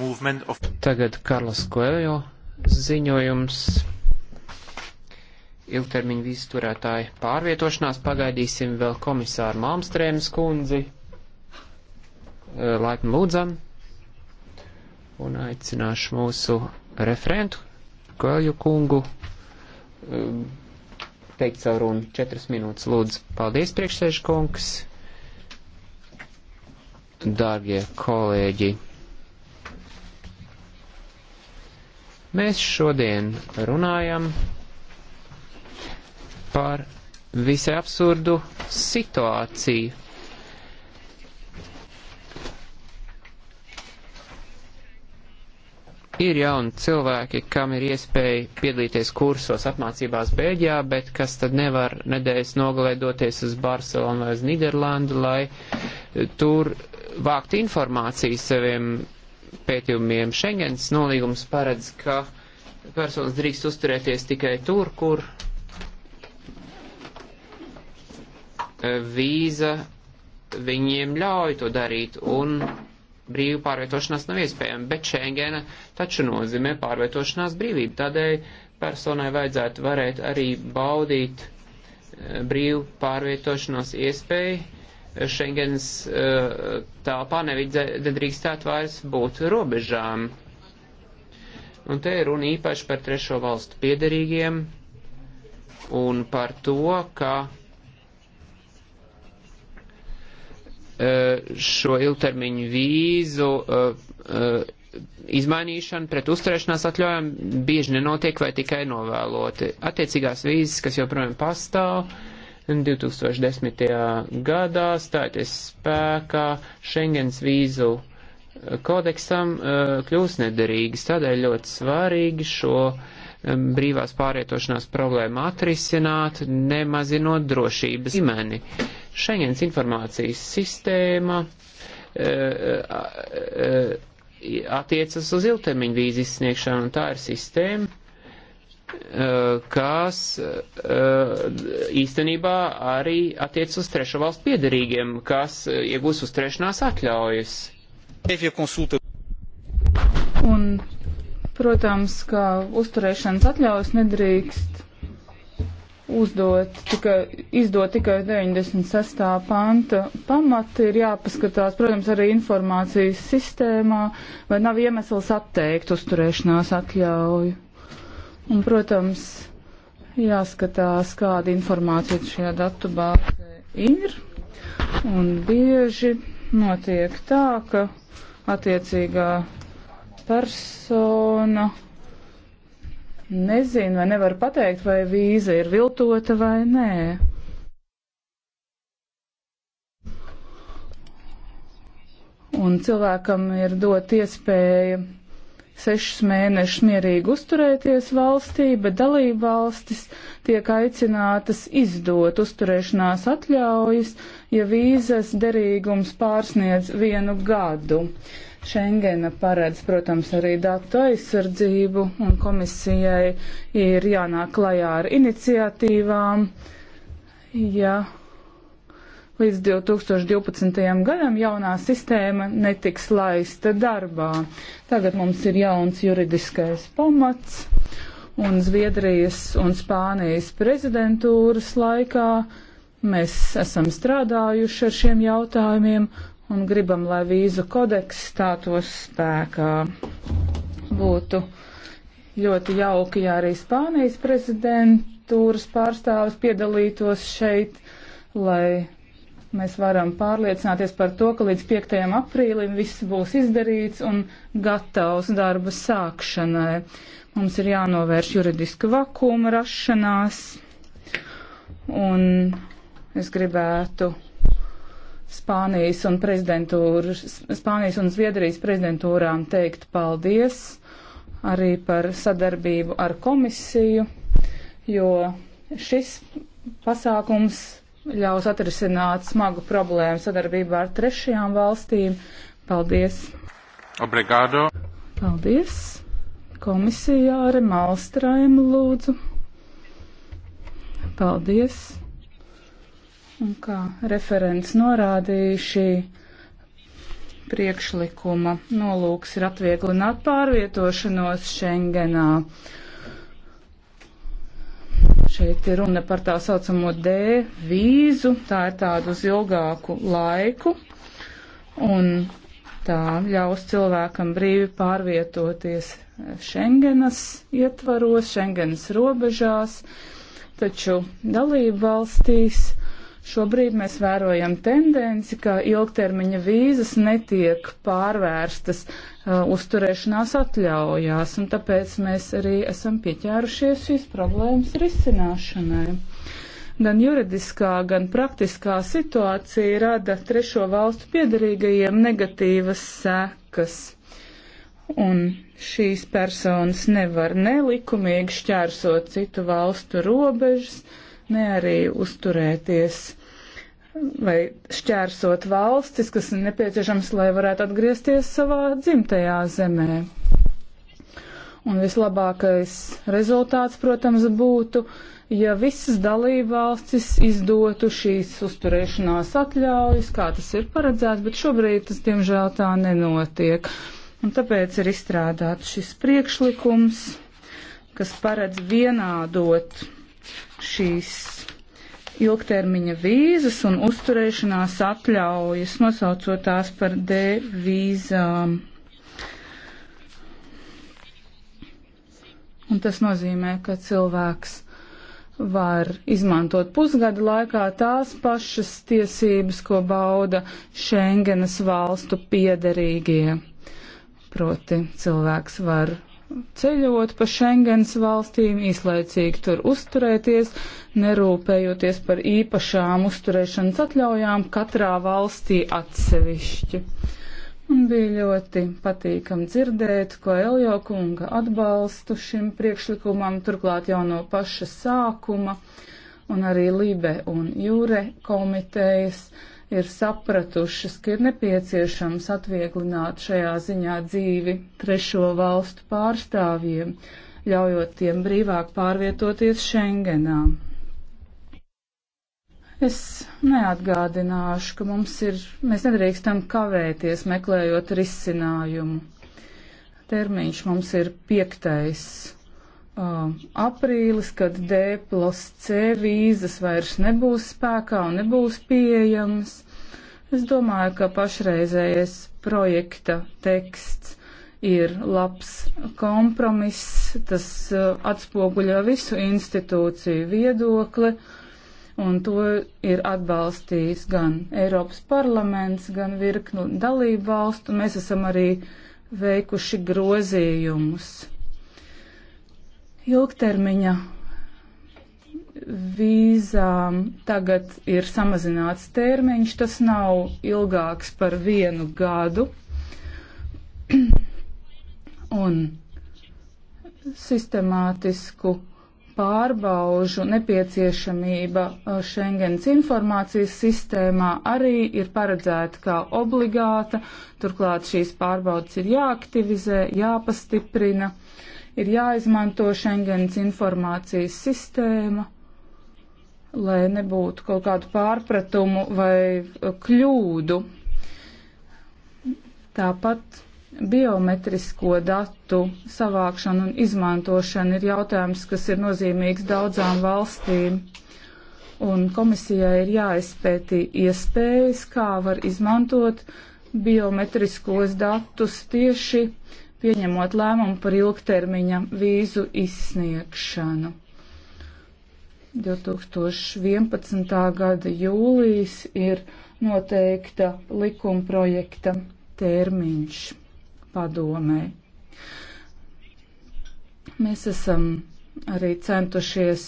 Of... Tagad Karlas Koejo ziņojums. Ilgtermiņu vīzturētāji pārvietošanās pagaidīsim vēl komisāru Malmstrēmas kundzi. Laipni lūdzam. Un aicināšu mūsu referentu Koejo kungu teikt savu runu. Četras minūtes lūdzu. Paldies, priekšsēžu kungs. Dārgie kolēģi. Mēs šodien runājam par visai absurdu situāciju. Ir jauni cilvēki, kam ir iespēja piedalīties kursos apmācībās Bēļģijā, bet kas tad nevar nedēļas nogalē doties uz Barcelonu vai uz Niderlandu, lai tur vākt informāciju saviem pētījumiem Schengens nolīgums paredz, ka personas drīkst uzturēties tikai tur, kur e, vīza viņiem ļauj to darīt un brīvu pārvietošanās nav iespējama, bet Schengena taču nozīmē pārvietošanās brīvību. Tādēļ personai vajadzētu varēt arī baudīt e, brīvu pārvietošanos iespēju Schengens eh, telpā nedrīkstētu vairs būt robežām. Un te ir runa īpaši par trešo valstu piederīgiem un par to, ka eh, šo ilgtermiņu vīzu eh, izmainīšana pret uzturēšanās atļaujām bieži nenotiek vai tikai novēloti. Attiecīgās vīzes, kas joprojām pastāv, 2010. gadā stāties spēkā Schengens vīzu eh, kodeksam eh, kļūs nederīgas. Tādēļ ļoti svarīgi šo brīvās pārvietošanās problēmu atrisināt, nemazinot drošības līmeni. Schengens informācijas sistēma eh, attiecas uz ilgtermiņu vīzu izsniegšanu, un tā ir sistēma, Eh, kas eh, īstenībā arī attiec uz trešo valstu piedarīgiem, kas eh, iegūs uzturēšanās atļaujas. Un, protams, ka uzturēšanas atļaujas nedrīkst uzdot tikai, izdot tikai 96. panta pamati, ir jāpaskatās, protams, arī informācijas sistēmā, vai nav iemesls atteikt uzturēšanās atļauju. Un, protams, jāskatās, kāda informācija šajā datu bāzē ir. Un bieži notiek tā, ka attiecīgā persona nezina vai nevar pateikt, vai vīza ir viltota vai nē. Un cilvēkam ir dot iespēja sešus mēnešus mierīgi uzturēties valstī, bet dalība valstis tiek aicinātas izdot uzturēšanās atļaujas, ja vīzas derīgums pārsniedz vienu gadu. Šengena paredz, protams, arī datu aizsardzību, un komisijai ir jānāk klajā ar iniciatīvām, ja Līdz 2012. gadam jaunā sistēma netiks laista darbā. Tagad mums ir jauns juridiskais pamats, un Zviedrijas un Spānijas prezidentūras laikā mēs esam strādājuši ar šiem jautājumiem un gribam, lai vīzu kodeks stātos spēkā. Būtu ļoti jauki, ja arī Spānijas prezidentūras pārstāvis piedalītos šeit, lai mēs varam pārliecināties par to, ka līdz 5. aprīlim viss būs izdarīts un gatavs darba sākšanai. Mums ir jānovērš juridiska vakuma rašanās, un es gribētu Spānijas un, Spānijas un Zviedrijas prezidentūrām teikt paldies arī par sadarbību ar komisiju, jo šis pasākums ļaus atrisināt smagu problēmu sadarbībā ar trešajām valstīm. Paldies! Obrigado! Paldies! Komisijāri Malstraimu lūdzu. Paldies! Un kā referents norādīja šī priekšlikuma nolūks ir atvieglot pārvietošanos Schengenā. Šeit ir runa par tā saucamo D vīzu, tā ir tāda uz ilgāku laiku, un tā ļaus cilvēkam brīvi pārvietoties Schengenas ietvaros, Schengenas robežās, taču dalību valstīs Šobrīd mēs vērojam tendenci, ka ilgtermiņa vīzas netiek pārvērstas uh, uzturēšanās atļaujās, un tāpēc mēs arī esam pieķērušies šīs problēmas risināšanai. Gan juridiskā, gan praktiskā situācija rada trešo valstu piedarīgajiem negatīvas sekas. Un šīs personas nevar nelikumīgi šķērsot citu valstu robežas, uh, ne arī uzturēties vai šķērsot valstis, kas ir nepieciešams, lai varētu atgriezties savā dzimtajā zemē. Un vislabākais rezultāts, protams, būtu, ja visas dalībvalstis izdotu šīs uzturēšanās atļaujas, kā tas ir paredzēts, bet šobrīd tas, diemžēl, tā nenotiek. Un tāpēc ir izstrādāts šis priekšlikums, kas paredz vienādot šīs ilgtermiņa vīzas un uzturēšanās atļaujas, nosaucot tās par D vīzām. Un tas nozīmē, ka cilvēks var izmantot pusgada laikā tās pašas tiesības, ko bauda Schengenas valstu piederīgie. Proti cilvēks var ceļot pa Schengens valstīm, īslaicīgi tur uzturēties, nerūpējoties par īpašām uzturēšanas atļaujām katrā valstī atsevišķi. Un bija ļoti patīkam dzirdēt, ko Eljo kunga atbalstu šim priekšlikumam, turklāt jau no paša sākuma, un arī Libe un Jūre komitejas uh, ir sapratušas, ka ir nepieciešams atvieglināt šajā ziņā dzīvi trešo valstu pārstāvjiem, ļaujot tiem brīvāk pārvietoties Schengenā. Es neatgādināšu, ka mums ir, mēs nedrīkstam kavēties meklējot risinājumu. Termiņš mums ir piektais Uh, aprīlis, kad D plus C vīzas vairs nebūs spēkā un nebūs pieejamas. Es domāju, ka pašreizējais projekta teksts ir labs kompromiss, tas uh, atspoguļo visu institūciju viedokli, un to ir atbalstījis gan Eiropas parlaments, gan virknu dalību valstu. Mēs esam arī veikuši grozījumus Ilgtermiņa vīzām tagad ir samazināts termiņš, tas nav ilgāks par vienu gadu. Un sistemātisku pārbaužu nepieciešamība uh, Schengens informācijas sistēmā arī ir paredzēta kā obligāta, turklāt šīs pārbaudas ir jāaktivizē, jāpastiprina ir jāizmanto Schengens informācijas sistēma, lai nebūtu kaut kādu pārpratumu vai kļūdu. Tāpat biometrisko datu savākšana un izmantošana ir jautājums, kas ir nozīmīgs daudzām valstīm. Un komisijai ir jāizpētī iespējas, kā var izmantot biometriskos datus tieši uh, pieņemot lēmumu par ilgtermiņa vīzu izsniegšanu. 2011. gada jūlijas ir noteikta likumprojekta termiņš padomē. Mēs esam arī centušies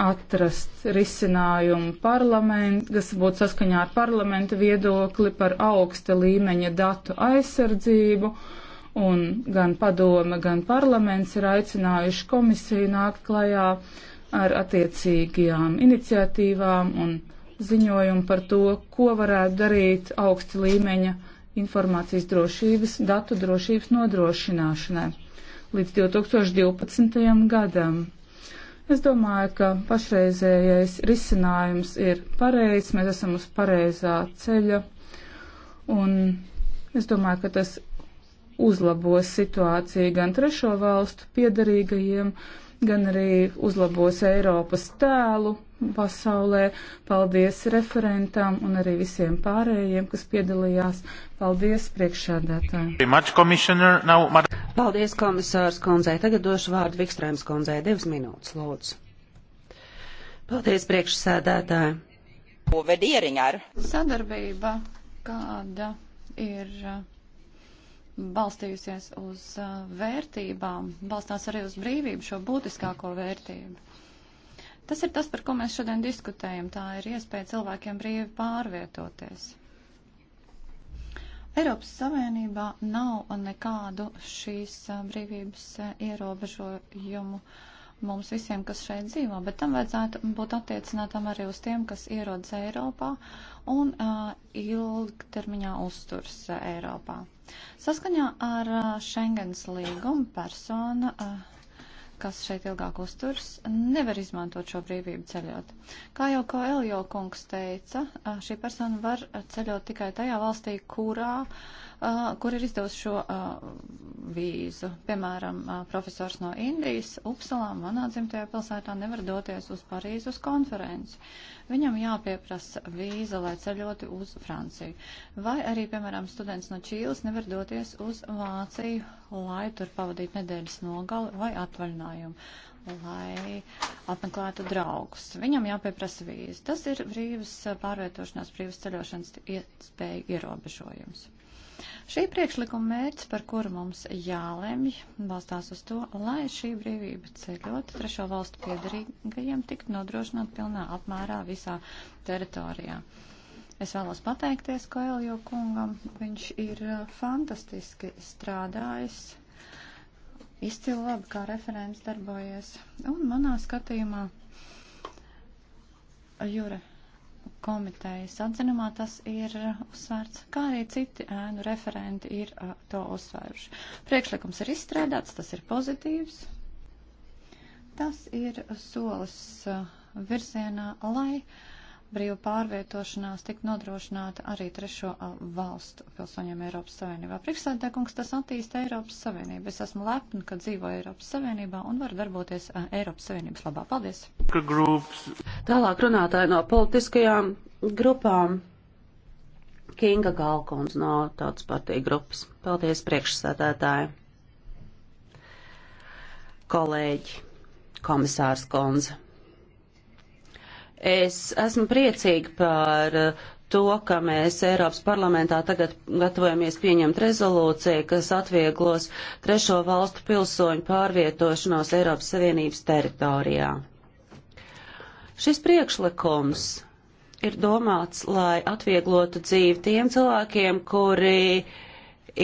atrast risinājumu parlamentu, kas būtu saskaņā ar parlamenta viedokli par augsta līmeņa datu aizsardzību, un gan padome, gan parlaments ir aicinājuši komisiju nākt klajā ar attiecīgajām iniciatīvām un ziņojumu par to, ko varētu darīt augsta līmeņa informācijas drošības, datu drošības nodrošināšanai līdz 2012. gadam. Es domāju, ka pašreizējais risinājums ir pareizs, mēs esam uz pareizā ceļa, un es domāju, ka tas uzlabos situāciju gan trešo valstu piedarīgajiem, gan arī uzlabos Eiropas tēlu pasaulē. Paldies referentam un arī visiem pārējiem, kas piedalījās. Paldies priekšādātājiem. Paldies komisārs kundzei. Tagad došu vārdu Vikstrēms kundzei. Divas minūtes, lūdzu. Paldies priekšsēdētāji. Sadarbība kāda ir balstījusies uz vērtībām, balstās arī uz brīvību, šo būtiskāko vērtību. Tas ir tas, par ko mēs šodien diskutējam. Tā ir iespēja cilvēkiem brīvi pārvietoties. Eiropas Savienībā nav nekādu šīs brīvības ierobežojumu mums visiem, kas šeit dzīvo, bet tam vajadzētu būt attiecinātam arī uz tiem, kas ierodas Eiropā un uh, ilgtermiņā uzturs uh, Eiropā. Saskaņā ar uh, Schengens līgumu persona, uh, kas šeit ilgāk uzturs, nevar izmantot šo brīvību ceļot. Kā jau Koeljo kungs teica, uh, šī persona var ceļot tikai tajā valstī, kurā uh, kur ir izdevusi šo vīzu. Piemēram, profesors no Indijas, Upsalā, manā dzimtajā pilsētā, nevar doties uz Parīzi uz konferenci. Viņam jāpieprasa vīza, lai ceļoti uz Franciju. Vai arī, piemēram, students no Čīles nevar doties uz Vāciju, lai tur pavadītu nedēļas nogali vai atvaļinājumu lai apmeklētu draugus. Viņam jāpieprasa vīzi. Tas ir brīvas pārvietošanās, brīvas ceļošanas iespēja ierobežojums. Šī priekšlikuma mērķis, par kuru mums jālemj, balstās uz to, lai šī brīvība ceļot trešo valstu piedarīgajiem tiktu nodrošināt pilnā apmērā visā teritorijā. Es vēlos pateikties Koeljo kungam. Viņš ir uh, fantastiski strādājis, izcili labi kā referents darbojies. Un manā skatījumā Jure komitejas atzinumā tas ir uzsvērts, kā arī citi ēnu referenti ir a, to uzsvēruši. Priekšlikums ir izstrādāts, tas ir pozitīvs. Tas ir solis a, virzienā, lai uh, brīva pārvietošanās tik nodrošināta arī trešo valstu pilsoņiem Eiropas Savienībā. Priekšsēdētājkungs tas attīsta Eiropas Savienību. Es esmu lepna, ka dzīvo Eiropas Savienībā un var darboties Eiropas Savienības labā. Paldies! Grups. Tālāk runātāji no politiskajām grupām. Kinga Galkons no Tautas partija grupas. Paldies priekšsēdētāji! Kolēģi, komisārs Konza Es esmu priecīga par uh, to, ka mēs Eiropas parlamentā tagad gatavojamies pieņemt rezolūciju, kas atvieglos trešo valstu pilsoņu pārvietošanos Eiropas Savienības teritorijā. Šis priekšlikums ir domāts, lai atvieglotu dzīvi tiem cilvēkiem, kuri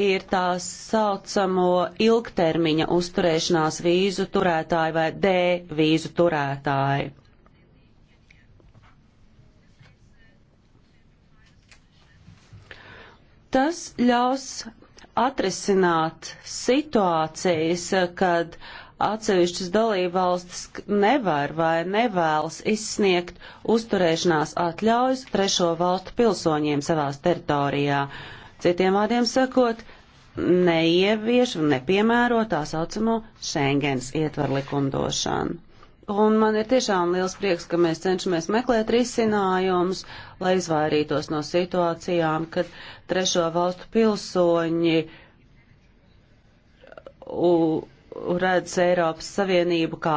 ir tā saucamo ilgtermiņa uzturēšanās vīzu turētāji vai D vīzu turētāji. Tas ļaus atrisināt situācijas, kad atsevišķas dalībvalstis nevar vai nevēlas izsniegt uzturēšanās atļaujas trešo valstu pilsoņiem savās teritorijā. Citiem vārdiem sakot, neievieš un nepiemēro tā saucamo Schengens ietvaru likumdošanu. Un man ir tiešām liels prieks, ka mēs cenšamies meklēt risinājumus, lai izvairītos no situācijām, kad trešo valstu pilsoņi redz Eiropas Savienību kā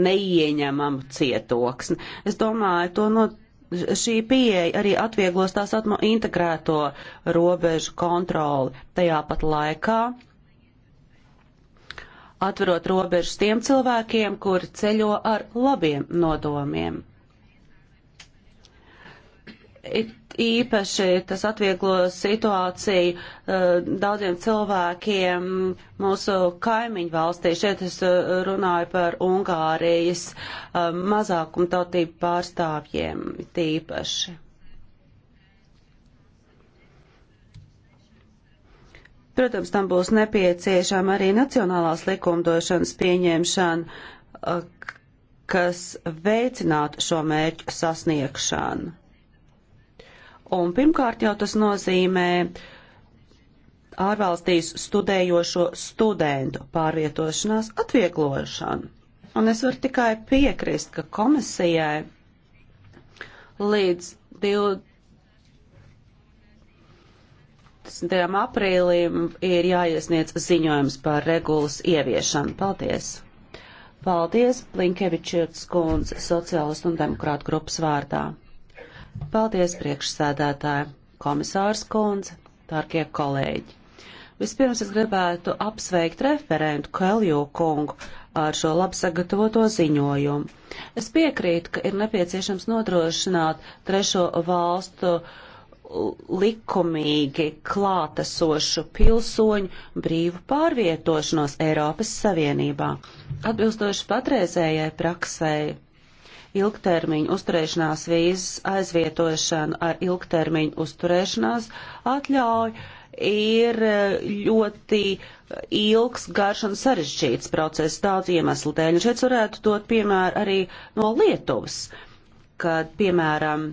neieņemamu cietoksni. Es domāju, to no, šī pieeja arī atvieglos tās atmo integrēto robežu kontroli. Tajā pat laikā atverot robežas tiem cilvēkiem, kuri ceļo ar labiem nodomiem. It īpaši tas atvieglo situāciju uh, daudziem cilvēkiem mūsu kaimiņu valstī. Šeit es uh, runāju par Ungārijas uh, mazākumtautību pārstāvjiem tīpaši. Protams, tam būs nepieciešama arī nacionālās likumdošanas pieņemšana, kas veicinātu šo mērķu sasniegšanu. Un pirmkārt jau tas nozīmē ārvalstīs studējošo studentu pārvietošanās atvieglošanu. Un es varu tikai piekrist, ka komisijai līdz 20 12. aprīlim ir jāiesniedz ziņojums par regulas ieviešanu. Paldies! Paldies, Blinkevičs kundze, sociālistu un demokrātu grupas vārdā. Paldies, priekšsēdētāji, komisārs kundze, tārkie kolēģi. Vispirms es gribētu apsveikt referentu Kalju kungu ar šo labi sagatavoto ziņojumu. Es piekrītu, ka ir nepieciešams nodrošināt trešo valstu uh, likumīgi klātesošu pilsoņu brīvu pārvietošanos Eiropas Savienībā. Atbilstoši patreizējai praksēji, ilgtermiņu uzturēšanās vīzas aizvietošana ar ilgtermiņu uzturēšanās atļauju ir ļoti ilgs, garš un sarežģīts process daudz iemeslu dēļ. Un šeit varētu dot piemēru arī no Lietuvas, kad, piemēram,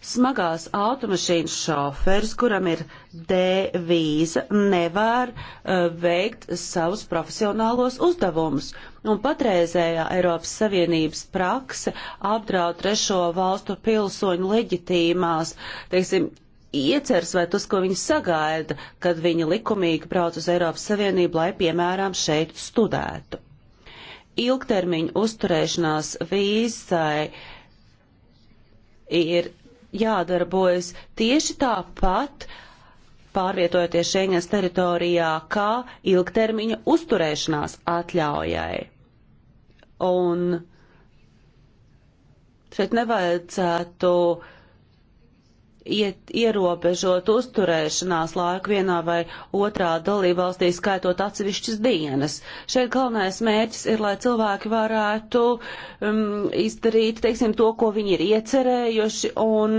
smagās automašīnas šoferis, kuram ir D vīza, nevar uh, veikt savus profesionālos uzdevumus. Un patreizējā Eiropas Savienības prakse apdraud trešo valstu pilsoņu leģitīmās, teiksim, ieceras vai tas, ko viņi sagaida, kad viņi likumīgi brauc uz Eiropas Savienību, lai, piemēram, šeit studētu. Ilgtermiņu uzturēšanās vīzai ir jādarbojas tieši tāpat, pārvietojoties Schengens teritorijā, kā ilgtermiņa uzturēšanās atļaujai. Un šeit nevajadzētu uh, iet, ierobežot uzturēšanās laiku vienā vai otrā dalībvalstī, skaitot atsevišķas dienas. Šeit galvenais mērķis ir, lai cilvēki varētu um, izdarīt, teiksim, to, ko viņi ir iecerējuši un.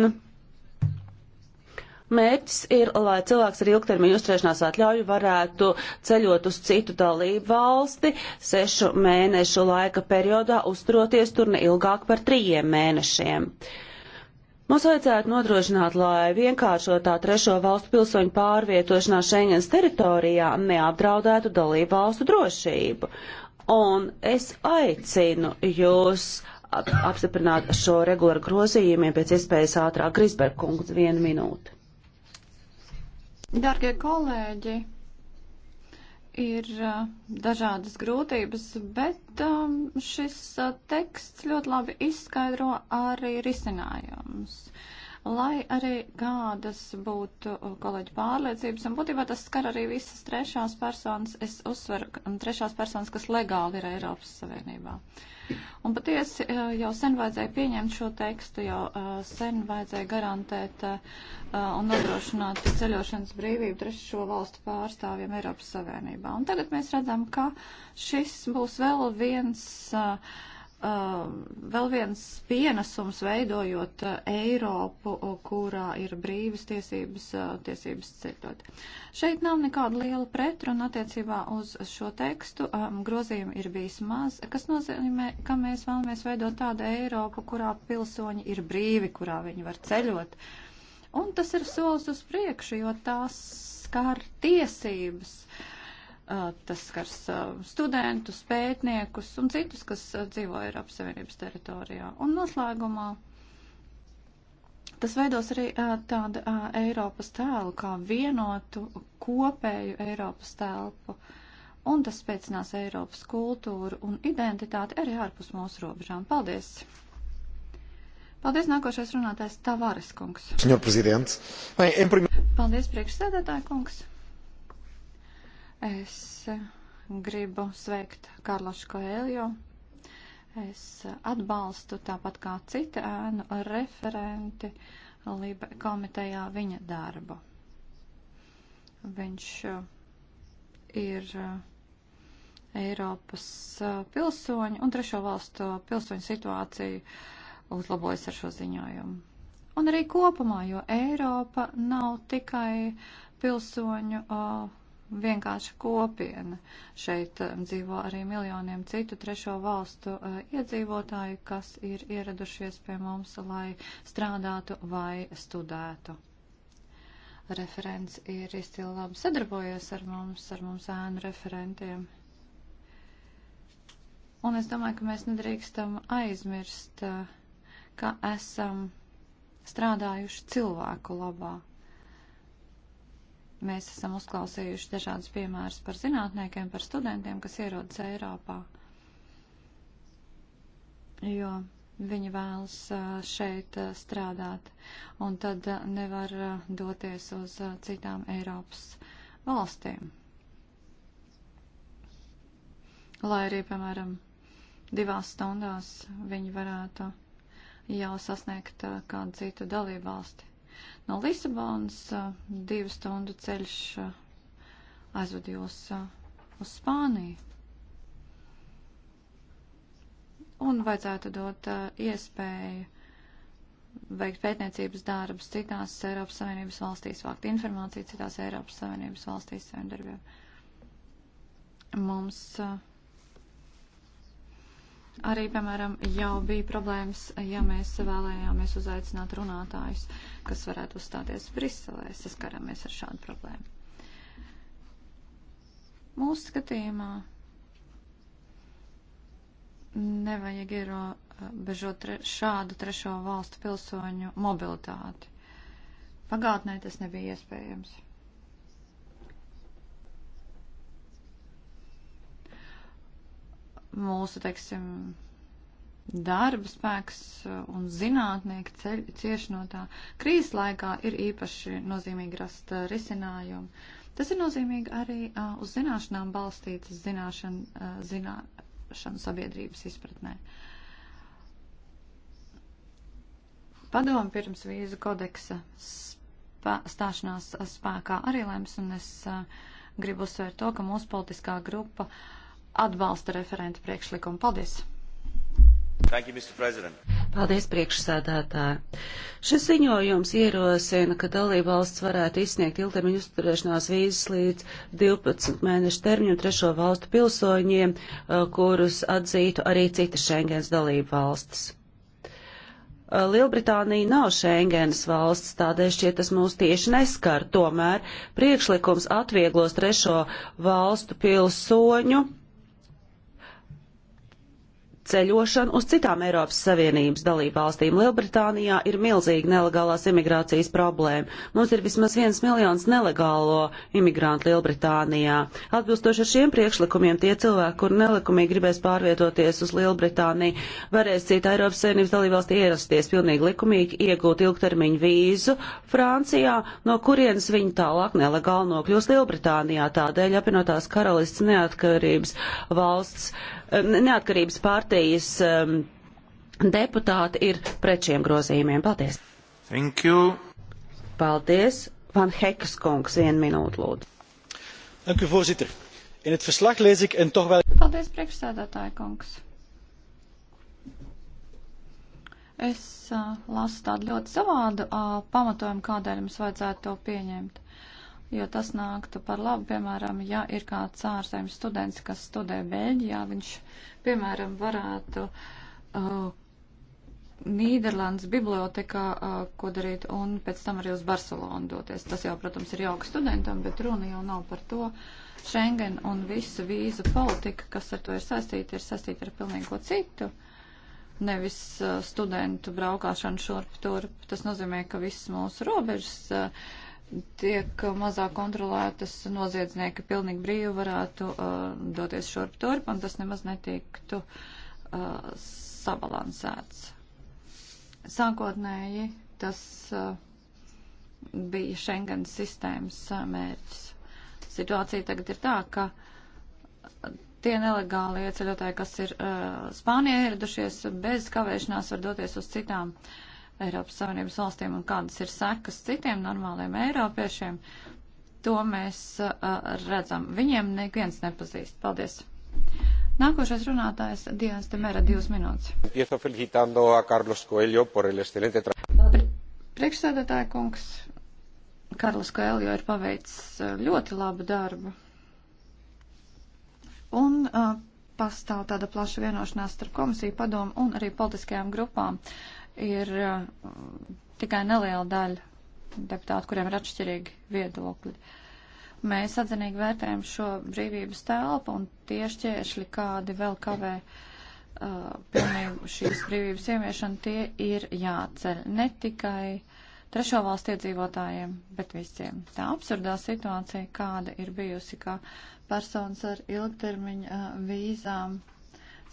Mērķis ir, lai cilvēks ar ilgtermiņu uzturēšanās atļauju varētu ceļot uz citu dalību valsti sešu mēnešu laika periodā, uzturoties tur neilgāk par trījiem mēnešiem. Uh, Mums vajadzētu nodrošināt, lai vienkāršotā trešo valstu pilsoņu pārvietošanās Schengens teritorijā neapdraudētu dalību valstu drošību. Un es aicinu jūs apstiprināt šo regulāru grozījumiem pēc iespējas ātrāk. Grisberg kungs, vienu minūti. Dargie kolēģi, ir eh, dažādas grūtības, bet um, šis eh, teksts ļoti labi izskaidro arī risinājumus lai arī kādas būtu kolēģi pārliecības. Un būtībā tas skar arī visas trešās personas, es uzsveru, trešās personas, kas legāli ir Eiropas Savienībā. Un patiesi eh, jau sen vajadzēja pieņemt šo tekstu, jau eh, sen vajadzēja garantēt eh, un nodrošināt ceļošanas brīvību trešo valstu pārstāvjiem Eiropas Savienībā. Un tagad mēs redzam, ka šis būs vēl viens uh, Um, vēl viens pienesums veidojot uh, Eiropu, uh, kurā ir brīvas tiesības, uh, tiesības ceļot. Šeit nav nekāda liela pretruna attiecībā uz šo tekstu. Um, grozījumi ir bijis maz, kas nozīmē, ka mēs vēlamies veidot tādu Eiropu, kurā pilsoņi ir brīvi, kurā viņi var ceļot. Un tas ir solis uz priekšu, jo tās skar tiesības. Uh, Tas skars studentus, pētniekus un citus, kas dzīvo Eiropas Savienības teritorijā. Un noslēgumā tas veidos arī tādu Eiropas tēlu, kā vienotu kopēju Eiropas telpu. Un tas spēcinās Eiropas kultūru un identitāti arī ārpus mūsu robežām. Paldies! Paldies, nākošais runātājs Tavares kungs. Paldies, priekšsēdētāja kungs. Es gribu sveikt Karlošu Koēljo. Es atbalstu tāpat kā citi ēnu referenti Libe komitejā viņa darbu. Viņš uh, ir uh, Eiropas uh, pilsoņu un trešo valstu pilsoņu situāciju uzlabojas ar šo ziņojumu. Un arī kopumā, jo Eiropa nav tikai pilsoņu. Uh, vienkārši kopiena. Šeit eh, dzīvo arī miljoniem citu trešo valstu eh, iedzīvotāju, kas ir ieradušies pie mums, lai strādātu vai studētu. Referents ir izcili labi sadarbojies ar mums, ar mums ēnu referentiem. Un es domāju, ka mēs nedrīkstam aizmirst, eh, ka esam strādājuši cilvēku labāk Mēs esam uzklausījuši dažādas piemēras par zinātniekiem, par studentiem, kas ierodas Eiropā, jo viņi vēlas šeit strādāt un tad nevar doties uz citām Eiropas valstīm. Lai arī, piemēram, divās stundās viņi varētu jau sasniegt kādu citu dalību valsti. No Lisabonas uh, divu stundu ceļš uh, aizved jūs uh, uz Spāniju. Un vajadzētu dot iespēju veikt pētniecības darbus citās Eiropas Savienības valstīs, vākt informāciju citās Eiropas Savienības valstīs saviem darbiem. Mums uh, Arī, piemēram, jau bija problēmas, ja mēs vēlējāmies uzaicināt runātājus, kas varētu uzstāties Briselē, saskarāmies ar šādu problēmu. Mūsu skatījumā nevajag ierobežot tre, šādu trešo valstu pilsoņu mobilitāti. Pagātnē tas nebija iespējams. mūsu, teiksim, darba spēks un zinātnieki ceļ, cieši no tā. Krīzes laikā ir īpaši nozīmīgi rast eh, risinājumu. Tas ir nozīmīgi arī uh, uz zināšanām balstītas zināšana, uh, eh, zināšanu sabiedrības izpratnē. Padomu pirms vīzu kodeksa spē, stāšanās spēkā arī lems, un es uh, gribu uzsvērt to, ka mūsu politiskā grupa uh, atbalsta referenta priekšlikumu. Paldies! You, Paldies, priekšsēdētāji. Šis ziņojums ierosina, ka dalībvalsts varētu izsniegt ilgtermiņu uzturēšanās vīzes līdz 12 mēnešu termiņu trešo valstu pilsoņiem, eh, kurus atzītu arī citas Schengens dalībvalstis. Eh, Lielbritānija nav Schengenas valsts, tādēļ šķiet tas mūs tieši neskar. Tomēr priekšlikums atvieglos trešo valstu pilsoņu ceļošanu uz citām Eiropas Savienības dalību valstīm. Lielbritānijā ir milzīga nelegālās imigrācijas problēma. Mums ir vismaz viens miljons nelegālo imigrantu Lielbritānijā. Atbilstoši ar šiem priekšlikumiem tie cilvēki, kur nelikumīgi gribēs pārvietoties uz Lielbritāniju, varēs citā Eiropas Savienības dalību valstī ierasties pilnīgi likumīgi, iegūt ilgtermiņu vīzu Francijā, no kurienes viņi tālāk nelegāli nokļūs Lielbritānijā. Tādēļ apvienotās karalists neatkarības valsts uh, neatkarības partijas um, deputāti ir pret šiem grozījumiem. Paldies! Thank you! Paldies! Van Hekas kungs, vienu minūtu lūdzu. Dank u, voorzitter. In het verslag lees ik en toch wel. Paldies, priekšsēdētāja kungs. Es uh, lasu tādu ļoti savādu uh, pamatojumu, kādēļ mums vajadzētu to pieņemt jo tas nāktu par labu, piemēram, ja ir kāds ārzemju students, kas studē Bēļģijā, viņš, piemēram, varētu uh, Nīderlandes bibliotekā, uh, ko darīt, un pēc tam arī uz Barcelonu doties. Tas jau, protams, ir jauka studentam, bet runa jau nav par to. Schengen un visa vīza politika, kas ar to ir saistīta, ir saistīta ar pilnīgi ko citu. Uh, nevis studentu braukāšanu šurp turp. Tas nozīmē, ka visas mūsu robežas uh, tiek mazāk kontrolētas, noziedznieki pilnīgi brīvi varētu uh, doties šurp turp, un tas nemaz netiktu uh, sabalansēts. Sākotnēji tas uh, bija Schengen sistēmas uh, mērķis. Situācija tagad ir tā, ka uh, tie nelegāli ieceļotāji, kas ir uh, Spānijā ieradušies, bez kavēšanās var doties uz citām uh, Eiropas Savienības valstīm un kādas ir sekas citiem normāliem eiropiešiem, to mēs uh, uh redzam. Viņiem neviens nepazīst. Paldies! Nākošais runātājs Dijas Demera divas minūtes. Priekšsēdētāja kungs Karlas Koeljo ir paveicis uh, ļoti labu darbu. Un uh, pastāv tāda plaša vienošanās starp komisiju, padomu un arī politiskajām grupām. Uh, ir eh, tikai neliela daļa deputātu, kuriem ir atšķirīgi viedokļi. Mēs atzinīgi vērtējam šo brīvības telpu un tie šķēršļi, kādi vēl kavē uh, pilnību šīs brīvības ieviešana, tie ir jāceļ ne tikai trešo valstu iedzīvotājiem, bet visiem. Tā absurdā situācija, kāda ir bijusi, ka personas ar ilgtermiņa uh, vīzām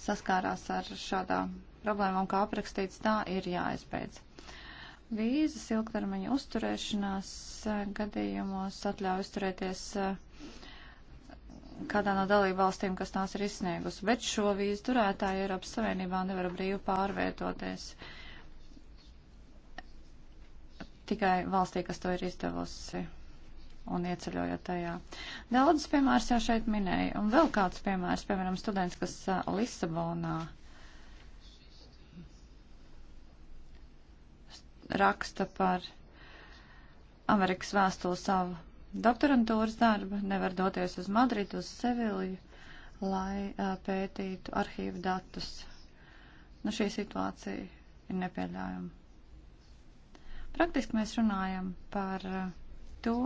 saskārās ar šādām problēmām, kā aprakstīts, tā ir jāizbeidz. Vīzas ilgtermiņa uzturēšanās eh, gadījumos atļauj uzturēties eh, kādā no dalību valstīm, kas tās ir izsniegusi, bet šo vīzu turētāju Eiropas Savienībā nevar brīvi pārvietoties tikai valstī, kas to ir izdevusi un ieceļojot tajā. Daudz piemērs jau šeit minēja, un vēl kāds piemērs, piemēram, students, kas eh, Lisabonā raksta par Amerikas vēstuli savu doktorantūras darbu, nevar doties uz Madridu, uz Sevilju, lai uh, pētītu arhīvu datus. Nu, šī situācija ir nepieļaujama. Praktiski mēs runājam par to,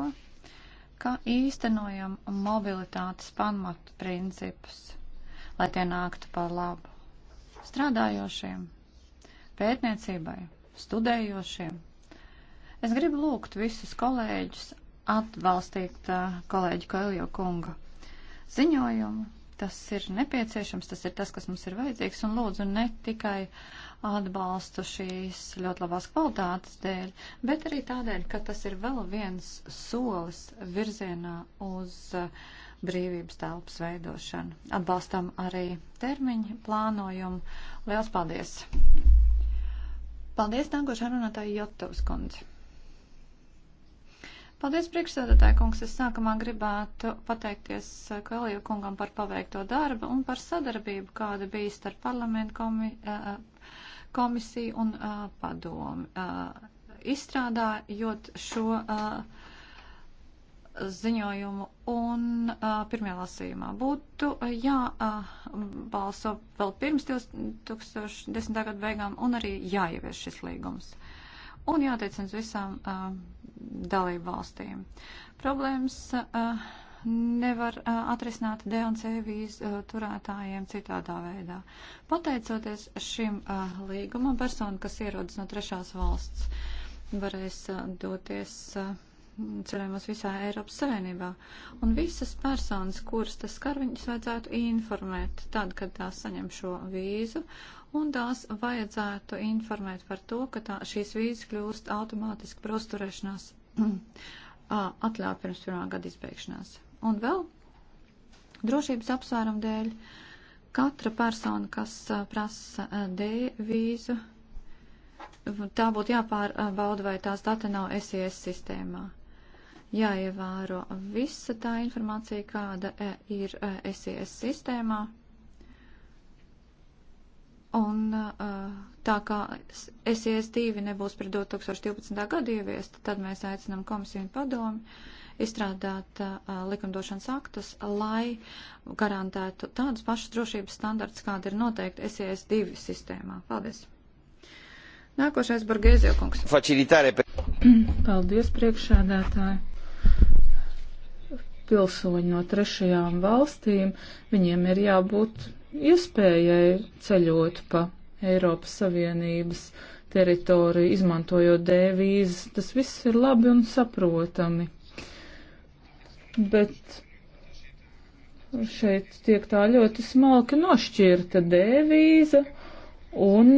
ka īstenojam mobilitātes pamatu principus, lai tie nāktu par labu strādājošiem, pētniecībai, studējošiem. Es gribu lūgt visus kolēģus atbalstīt uh, kolēģi Kailjo kunga ziņojumu. Tas ir nepieciešams, tas ir tas, kas mums ir vajadzīgs, un lūdzu ne tikai atbalstu šīs ļoti labās kvalitātes dēļ, bet arī tādēļ, ka tas ir vēl viens solis virzienā uz uh, brīvības telpas veidošanu. Atbalstam arī termiņu plānojumu. Liels paldies! Paldies, nākošā runātāja Jotovs kundze. Paldies, priekšsēdētāja kungs. Es sākumā gribētu pateikties eh, Kaliju kungam par paveikto darbu un par sadarbību, kāda bija starp parlamentu komi, eh, eh, komisiju un padomu. Izstrādājot šo. Uh, ziņojumu un uh, pirmajā lasījumā. Būtu uh, jābalso uh, vēl pirms 2010. gada beigām un arī jāievieš šis līgums. Un jāteicina uz visām uh, dalību valstīm. Problēmas uh, nevar uh, atrisināt D un C vīzu uh, turētājiem citādā veidā. Pateicoties šim uh, līgumam, persona, kas ierodas no trešās valsts, varēs uh, doties. Uh, ceļojumos visā Eiropas Savienībā. Un visas personas, kuras tas skar, viņas vajadzētu informēt tad, kad tās saņem šo vīzu, un tās vajadzētu informēt par to, ka tā, šīs vīzes kļūst automātiski par uzturēšanās atļauju pirms pirmā gada izbeigšanās. Un vēl drošības apsvērumu dēļ katra persona, kas prasa D vīzu, tā būtu jāpārbauda, vai tās dati nav SIS sistēmā jāievēro visa tā informācija, kāda e, ir SIS e, sistēmā. Un e, tā kā SIS2 nebūs par 2012. gadu ieviesta, tad mēs aicinām komisiju un padomu izstrādāt likumdošanas aktus, lai garantētu tādus pašus drošības standarts, kāda ir noteikti SIS2 sistēmā. Paldies! Nākošais Borgēzio kungs. Facilitāre. Paldies, priekšādātāji pilsoņi no trešajām valstīm, viņiem ir jābūt iespējai ceļot pa Eiropas Savienības teritoriju, izmantojot dēvīzes. Tas viss ir labi un saprotami. Bet šeit tiek tā ļoti smalki nošķirta dēvīza un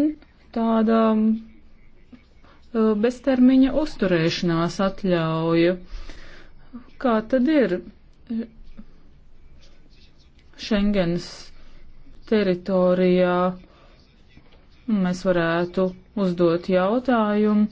tāda uh, beztermiņa uzturēšanās atļauja. Kā tad ir? Šengens teritorijā mēs varētu uzdot jautājumu.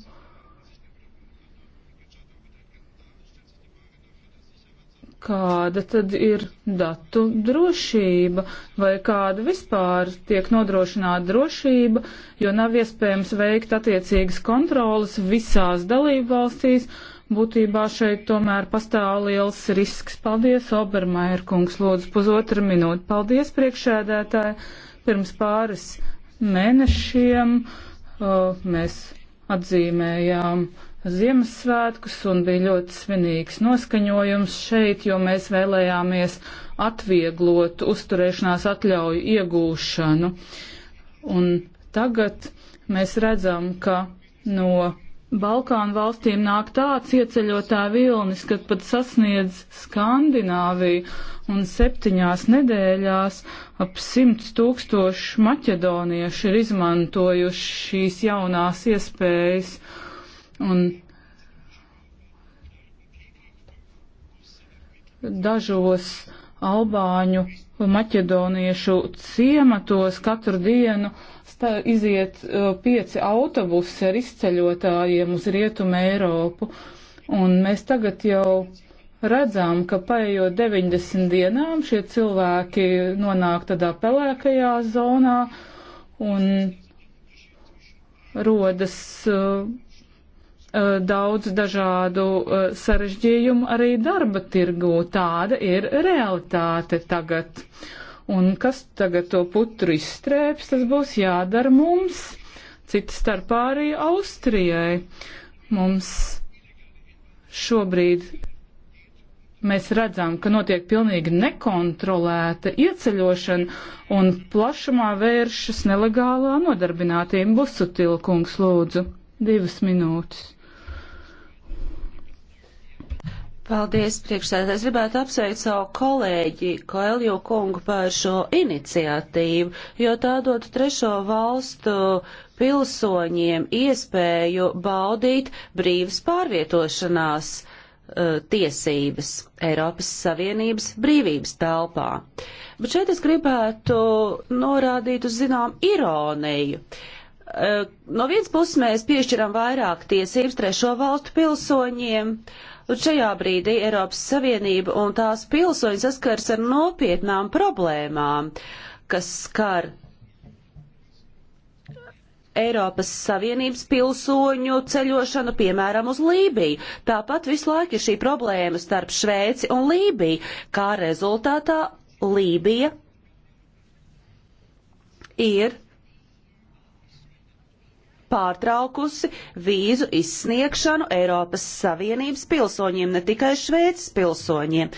Kāda tad ir datu drošība vai kāda vispār tiek nodrošināta drošība, jo nav iespējams veikt attiecīgas kontrolas visās dalībvalstīs, valstīs, Būtībā šeit tomēr pastāv liels risks. Paldies, Obermaier kungs, lūdzu, pusotra minūte. Paldies, priekšēdētāji. Pirms pāris mēnešiem uh, mēs atzīmējām Ziemassvētkus un bija ļoti svinīgs noskaņojums šeit, jo mēs vēlējāmies atvieglot uzturēšanās atļauju iegūšanu. Un tagad mēs redzam, ka no Balkānu valstīm nāk tāds ieceļotā vilnis, kad pat sasniedz Skandināviju un septiņās nedēļās ap simts tūkstoši maķedonieši ir izmantojuši šīs jaunās iespējas. Un dažos albāņu maķedoniešu ciematos katru dienu tā iziet uh, pieci autobusi ar izceļotājiem uz Rietumu Eiropu. Un mēs tagad jau redzam, ka paiet 90 dienām šie cilvēki nonāk tādā pelēkajā zonā un rodas uh, uh, daudz dažādu uh, sarežģījumu arī darba tirgū. Tāda ir realitāte tagad. Uh, Un kas tagad to putru izstrēps, tas būs jādara mums, cita starpā arī Austrijai. Mums šobrīd mēs redzam, ka notiek pilnīgi nekontrolēta ieceļošana un plašumā vēršas nelegālā nodarbinātība. Busutilkungs lūdzu, divas minūtes. Paldies, priekšsēdētāj. Es gribētu apsveikt savu kolēģi Koelju kungu par šo iniciatīvu, jo tā dod trešo valstu pilsoņiem iespēju baudīt brīvas pārvietošanās uh, tiesības Eiropas Savienības brīvības telpā. Bet šeit es gribētu norādīt uz zinām ironiju. Uh, no vienas puses mēs piešķiram vairāk tiesības trešo valstu pilsoņiem, uh, Un šajā brīdī Eiropas Savienība un tās pilsoņi saskars ar nopietnām problēmām, kas skar Eiropas Savienības pilsoņu ceļošanu, piemēram, uz Lībiju. Tāpat visu laiku ir šī problēma starp Šveici un Lībiju, kā rezultātā Lībija ir pārtraukusi vīzu izsniegšanu Eiropas Savienības pilsoņiem, ne tikai Šveices pilsoņiem.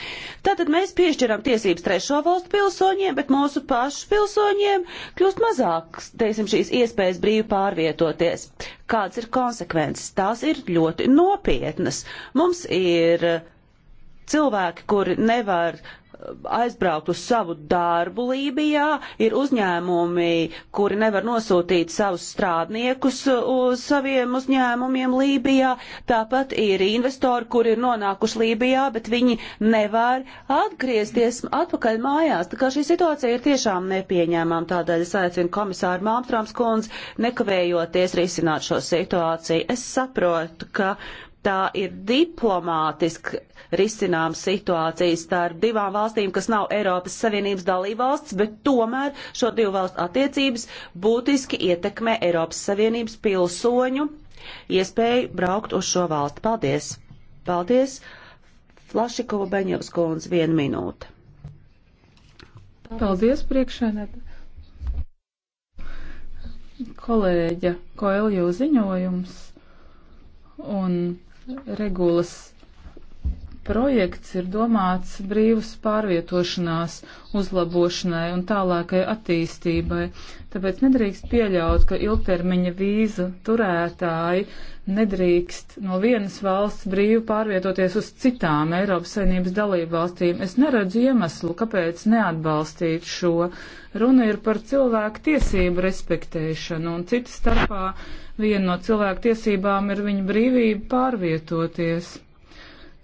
Tātad mēs piešķiram tiesības trešo valstu pilsoņiem, bet mūsu pašu pilsoņiem kļūst mazāks, teiksim, šīs iespējas brīvi pārvietoties. Kāds ir konsekvences? Tās ir ļoti nopietnas. Mums ir cilvēki, kuri nevar uh, aizbraukt uz savu darbu Lībijā, ir uzņēmumi, kuri nevar nosūtīt savus strādniekus uh, uz saviem uzņēmumiem Lībijā, tāpat ir investori, kuri ir nonākuši Lībijā, bet viņi nevar atgriezties atpakaļ mājās, tā kā šī situācija ir tiešām nepieņēmām, tādēļ es aicinu komisāru Māmstrāms kundz nekavējoties risināt šo situāciju. Es saprotu, ka uh, tā ir diplomātiski risinām situācija starp divām valstīm, kas nav Eiropas Savienības dalībvalsts, bet tomēr šo divu valstu attiecības būtiski ietekmē Eiropas Savienības pilsoņu iespēju braukt uz šo valstu. Paldies! Paldies! Flašikova Beņevs kundze, viena minūte. Paldies, priekšēnētāji! kolēģa Koelju ziņojums un regulas projekts ir domāts brīvas pārvietošanās uzlabošanai un tālākai attīstībai. Tāpēc nedrīkst pieļaut, ka ilgtermiņa vīzu turētāji nedrīkst no vienas valsts brīvi pārvietoties uz citām Eiropas Savienības dalību valstīm. Es neredzu iemeslu, kāpēc neatbalstīt šo. Runa ir par cilvēku tiesību respektēšanu un citas starpā viena no cilvēku tiesībām ir viņa brīvība pārvietoties.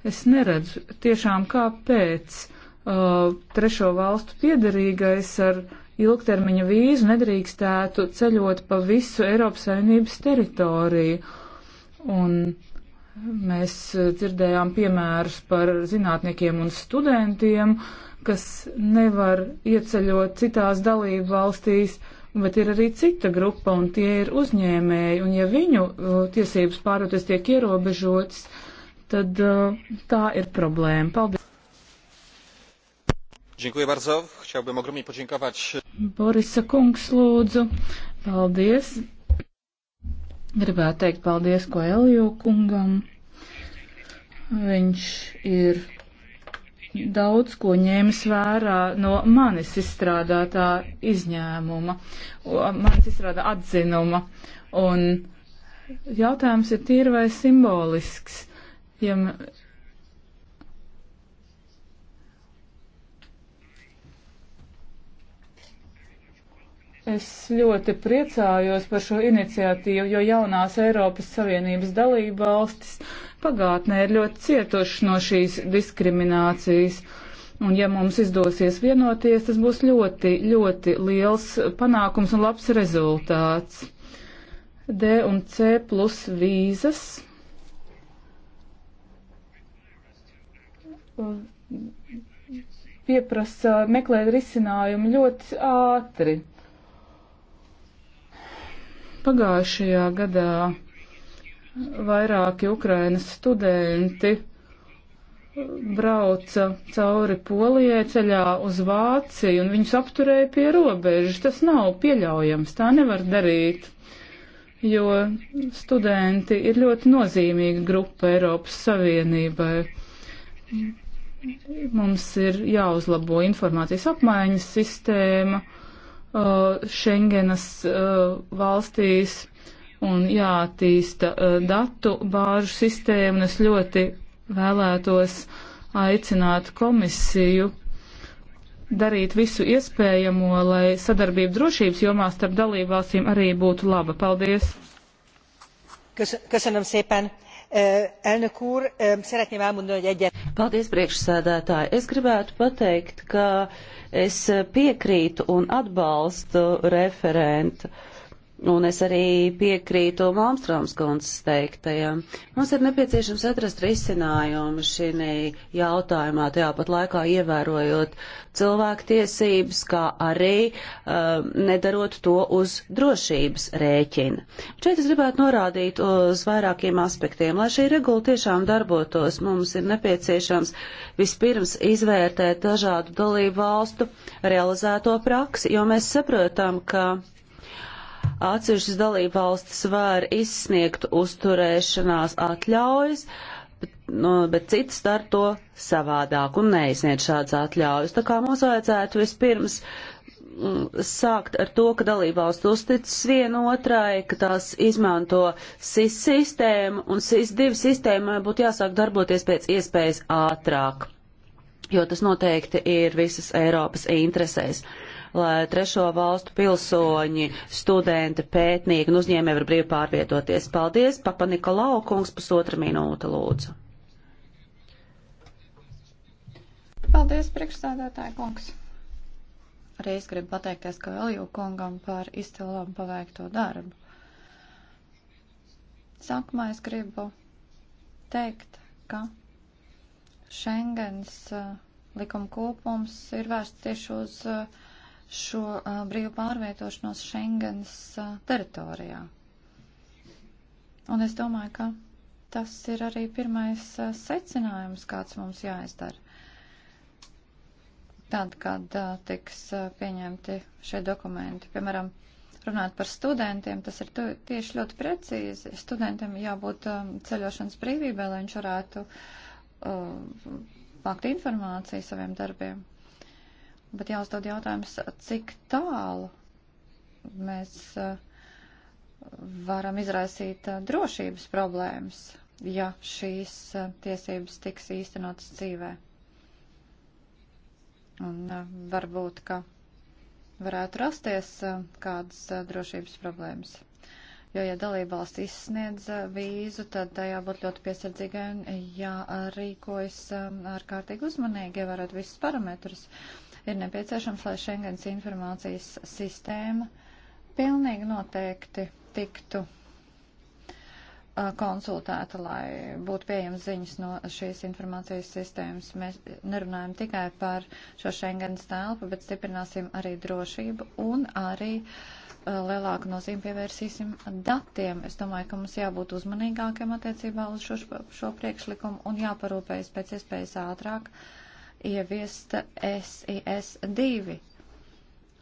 Es neredzu tiešām kāpēc uh, trešo valstu piedarīgais ar ilgtermiņa vīzu nedrīkstētu ceļot pa visu Eiropas Savienības teritoriju. Un mēs uh, dzirdējām piemērus par zinātniekiem un studentiem, kas nevar ieceļot citās dalību valstīs, bet ir arī cita grupa, un tie ir uzņēmēji, un ja viņu uh, tiesības pārvietoties tiek ierobežotas, tad uh, tā ir problēma. Paldies! Dziękuję bardzo. Chciałbym ogromnie podziękować. Borisa Kungs, lūdzu. Paldies. Gribētu teikt paldies Koelio kungam. Viņš ir daudz ko ņēmis vērā no manis izstrādātā izņēmuma, manis izstrādā atzinuma. Un jautājums ir tīri vai simbolisks ja Es ļoti priecājos par šo iniciatīvu, jo jaunās Eiropas Savienības dalība valstis pagātnē ir ļoti cietuši no šīs diskriminācijas. Un ja mums izdosies vienoties, tas būs ļoti, ļoti liels panākums un labs rezultāts. D un C plus vīzas pieprasa meklēt risinājumu ļoti ātri. Pagājušajā gadā vairāki Ukrainas studenti brauca cauri Polijai ceļā uz Vāciju un viņus apturēja pie robežas. Tas nav pieļaujams, tā nevar darīt, jo studenti ir ļoti nozīmīga grupa Eiropas Savienībai. Mums ir jāuzlabo informācijas apmaiņas sistēma uh, Schengenas uh, valstīs un jātīsta uh, datu bāžu sistēma. Es ļoti vēlētos aicināt komisiju darīt visu iespējamo, lai sadarbība drošības jomā starp dalībvalstīm arī būtu laba. Paldies! Köszönöm szépen! Paldies, priekšsēdētāji. Es gribētu pateikt, ka es piekrītu un atbalstu referentu. Un es arī piekrītu Malmstroms kundzes teiktajam. Mums ir nepieciešams atrast risinājumu šī jautājumā, tajā pat laikā ievērojot cilvēktiesības, kā arī uh, nedarot to uz drošības rēķina. Šeit es gribētu norādīt uz vairākiem aspektiem. Lai šī regula tiešām darbotos, mums ir nepieciešams vispirms izvērtēt dažādu dalību valstu realizēto praksi, jo mēs saprotam, ka Atsevišķas dalībvalstis var izsniegt uzturēšanās atļaujas, bet, nu, bet citas dar to savādāk un neizsniedz šādas atļaujas. Tā kā mums vajadzētu vispirms mm, sākt ar to, ka dalībvalsts uzticas vienotrai, ka tās izmanto SIS sistēmu, un SIS divi sistēmai būtu jāsāk darboties pēc iespējas ātrāk, jo tas noteikti ir visas Eiropas interesēs lai trešo valstu pilsoņi, studenti, pētnieki un uzņēmēji var brīvi pārvietoties. Paldies, Papa Nikolau, kungs, pusotra minūte, lūdzu. Paldies, priekšstādātāji, kungs. Arī es gribu pateikties Kaelju kungam par izcilu labu paveikto darbu. Sākumā es gribu teikt, ka Schengens uh, likuma kopums ir vērsts tieši uz uh, šo uh, brīvu pārvietošanos Schengens uh, teritorijā. Un es domāju, ka tas ir arī pirmais uh, secinājums, kāds mums jāizdara. Tad, kad uh, tiks uh, pieņemti šie dokumenti, piemēram, runāt par studentiem, tas ir tu, tieši ļoti precīzi. Studentam jābūt um, ceļošanas brīvībai, lai viņš varētu uh, vākt informāciju saviem darbiem. Bet jāuzdod jautājums, cik tālu mēs eh, varam izraisīt eh, drošības problēmas, ja šīs eh, tiesības tiks īstenotas dzīvē. Un varbūt, ka varētu rasties kādas drošības problēmas. Jo, ja dalībvalsts izsniedz vīzu, tad tajā būtu ļoti piesardzīgai un jārīkojas ārkārtīgi uzmanīgi, ievērot visus parametrus. Uh, ir nepieciešams, lai Schengens informācijas sistēma pilnīgi noteikti tiktu uh, konsultēta, lai būtu pieejams ziņas no šīs informācijas sistēmas. Mēs nerunājam tikai par šo Schengens telpu, bet stiprināsim arī drošību un arī uh, lielāku nozīmi pievērsīsim datiem. Es domāju, ka mums jābūt uzmanīgākiem attiecībā uz šo, šo priekšlikumu un jāparūpējas pēc iespējas ātrāk. Uh, ieviesta SIS 2,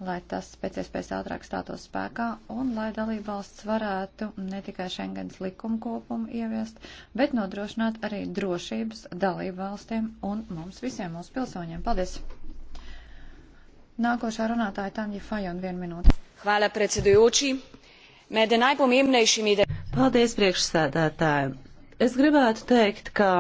lai tas pēc iespējas ātrāk stātos spēkā un lai dalībvalsts varētu ne tikai Schengens likumu kopumu ieviest, bet nodrošināt arī drošības dalībvalstiem un mums visiem mūsu pilsoņiem. Paldies! Nākošā runātāja Tanja Fajon, viena minūte. Hvala predsedujoči. Med najpomembnejšimi. Paldies priekšsēdētājiem. Es gribētu teikt, ka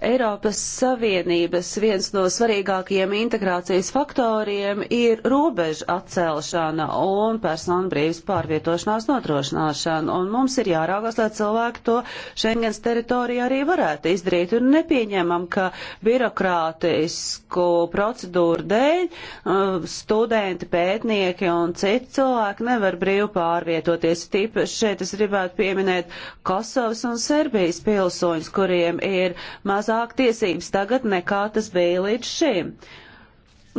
Eiropas Savienības viens no svarīgākajiem integrācijas faktoriem ir robežu atcelšana un personu brīvas pārvietošanās notrošināšana, un mums ir jāraugās, lai cilvēki to Schengens teritorijā arī varētu izdarīt, un nepieņemam, ka birokrātisku procedūru dēļ uh, studenti, pētnieki un citi cilvēki nevar brīvi pārvietoties. Tīpaši šeit es gribētu pieminēt Kosovas un Serbijas pilsoņus, kuriem ir maz mazāk tiesības tagad nekā tas bija līdz šim.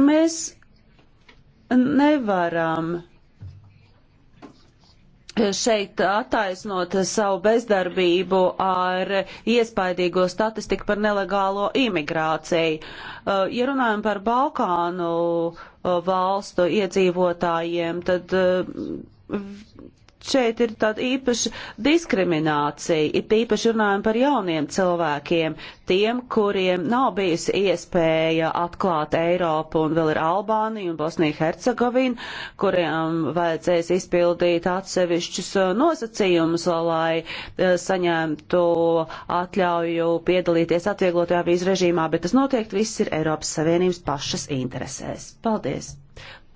Mēs nevaram šeit attaisnot savu bezdarbību ar iespaidīgo statistiku par nelegālo imigrāciju. Uh, ja runājam par Balkānu uh, valstu iedzīvotājiem, tad uh, šeit ir tāda īpaša diskriminācija, ir īpaši runājam par jauniem cilvēkiem, tiem, kuriem nav bijusi iespēja atklāt Eiropu un vēl ir Albānija un Bosnija Hercegovina, kuriem vajadzēs izpildīt atsevišķus uh, nosacījumus, lai uh, saņemtu atļauju piedalīties atvieglotajā vīzu režīmā, bet tas noteikti viss ir Eiropas Savienības pašas interesēs. Paldies!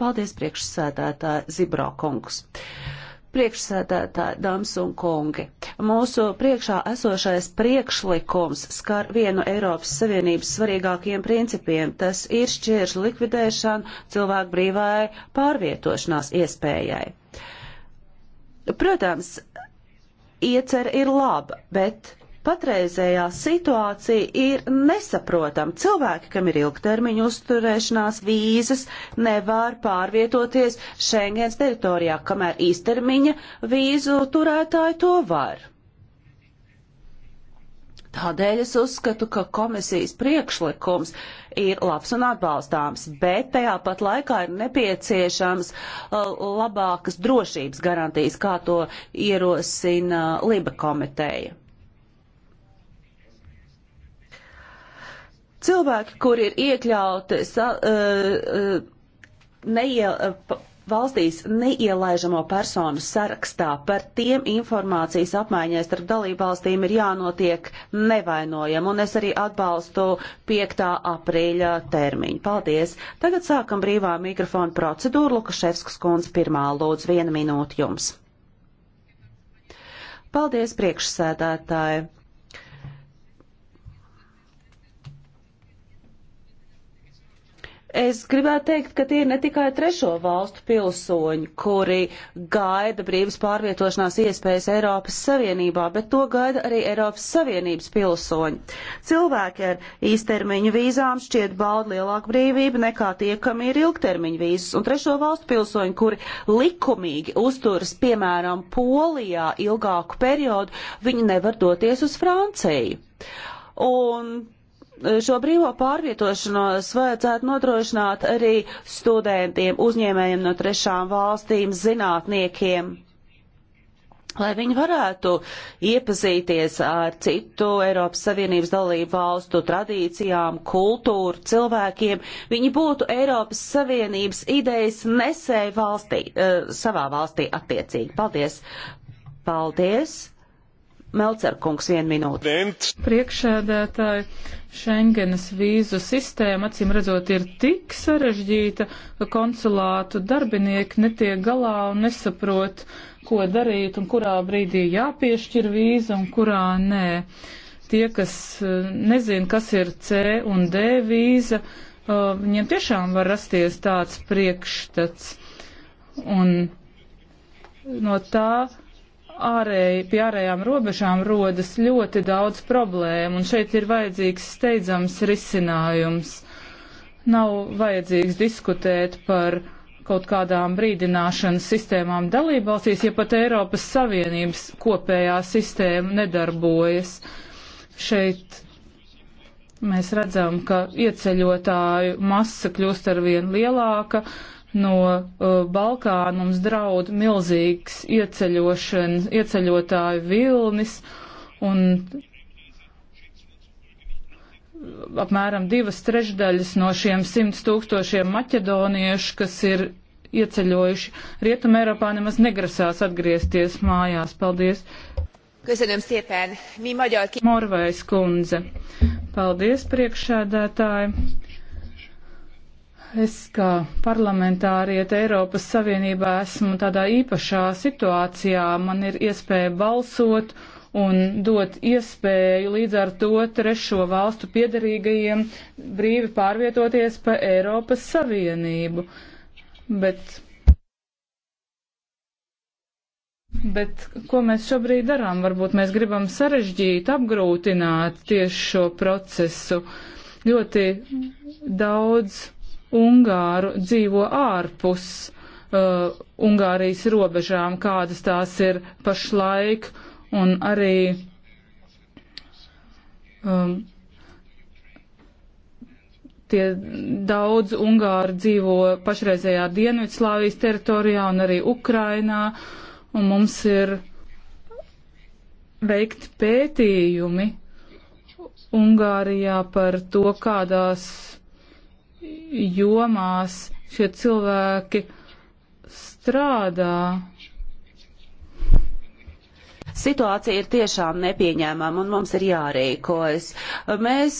Paldies priekšsēdētāji Zibro kungs. Uh, Priekšsēdētāji, dāmas un kungi, mūsu priekšā esošais priekšlikums skar vienu Eiropas Savienības svarīgākajiem principiem. Tas ir šķiršu likvidēšana cilvēku brīvai pārvietošanās iespējai. Protams, iecer ir laba, bet Patreizējā situācija ir nesaprotama. Cilvēki, kam ir ilgtermiņa uzturēšanās vīzas, nevar pārvietoties Schengens teritorijā, kamēr īstermiņa vīzu turētāji to var. Tādēļ es uzskatu, ka komisijas priekšlikums ir labs un atbalstāms, bet tajā pat laikā ir nepieciešams uh, labākas drošības garantijas, kā to ierosina Liba komiteja. Cilvēki, kur ir iekļauti sa, uh, uh, neie, uh, valstīs neielaižamo personu sarakstā, par tiem informācijas apmaiņai starp dalībvalstīm ir jānotiek nevainojam, un es arī atbalstu 5. aprīļa termiņu. Paldies! Tagad sākam brīvā mikrofona procedūru. Lukaševskas kundze pirmā lūdzu viena minūte jums. Paldies, priekšsēdētāji! Es gribētu teikt, ka tie ir ne tikai trešo valstu pilsoņi, kuri gaida brīvas pārvietošanās iespējas Eiropas Savienībā, bet to gaida arī Eiropas Savienības pilsoņi. Cilvēki ar īstermiņu vīzām šķiet baud lielāku brīvību nekā tie, kam ir ilgtermiņu vīzas, un trešo valstu pilsoņi, kuri likumīgi uzturas, piemēram, Polijā ilgāku periodu, viņi nevar doties uz Franciju. Un Šo brīvo pārvietošanos vajadzētu nodrošināt arī studentiem, uzņēmējiem no trešām valstīm, zinātniekiem, lai viņi varētu iepazīties ar citu Eiropas Savienības dalību valstu tradīcijām, kultūru, cilvēkiem. Viņi būtu Eiropas Savienības idejas nesēji valstī, eh, savā valstī attiecīgi. Paldies! Paldies! Melcerkungs vienu minūti. Priekšēdētāji, Schengenas vīzu sistēma acīm redzot ir tik sarežģīta, ka konsulātu darbinieki netiek galā un nesaprot, ko darīt un kurā brīdī jāpiešķir vīza un kurā nē. Tie, kas eh, nezin, kas ir C un D vīza, eh, viņiem tiešām var rasties tāds priekšstats. Un no tā ārēji, pie ārējām robežām rodas ļoti daudz problēmu, un šeit ir vajadzīgs steidzams risinājums. Nav vajadzīgs diskutēt par kaut kādām brīdināšanas sistēmām dalībvalstīs, ja pat Eiropas Savienības kopējā sistēma nedarbojas. Šeit mēs redzam, ka ieceļotāju masa kļūst arvien lielāka, no uh, Balkāna mums draud milzīgs ieceļotāju vilnis un apmēram divas trešdaļas no šiem simts tūkstošiem maķedoniešu, kas ir ieceļojuši Rietumē, Eiropā nemaz negrasās atgriezties mājās. Paldies! Köszönöm szépen! Mi magyar ki... Morvais kundze. Paldies, priekšsēdētāji! Es kā parlamentārieta Eiropas Savienībā esmu tādā īpašā situācijā. Man ir iespēja balsot un dot iespēju līdz ar to trešo valstu piedarīgajiem brīvi pārvietoties pa Eiropas Savienību. Bet, bet ko mēs šobrīd darām? Varbūt mēs gribam sarežģīt, apgrūtināt tieši šo procesu. Ļoti daudz Ungāru dzīvo ārpus uh, Ungārijas robežām, kādas tās ir pašlaik, un arī um, tie daudz Ungāri dzīvo pašreizējā Dienvidslāvijas teritorijā un arī Ukrainā, un mums ir veikt pētījumi Ungārijā par to, kādās jomās šie cilvēki strādā. Situācija ir tiešām nepieņēmama un mums ir jārīkojas. Mēs,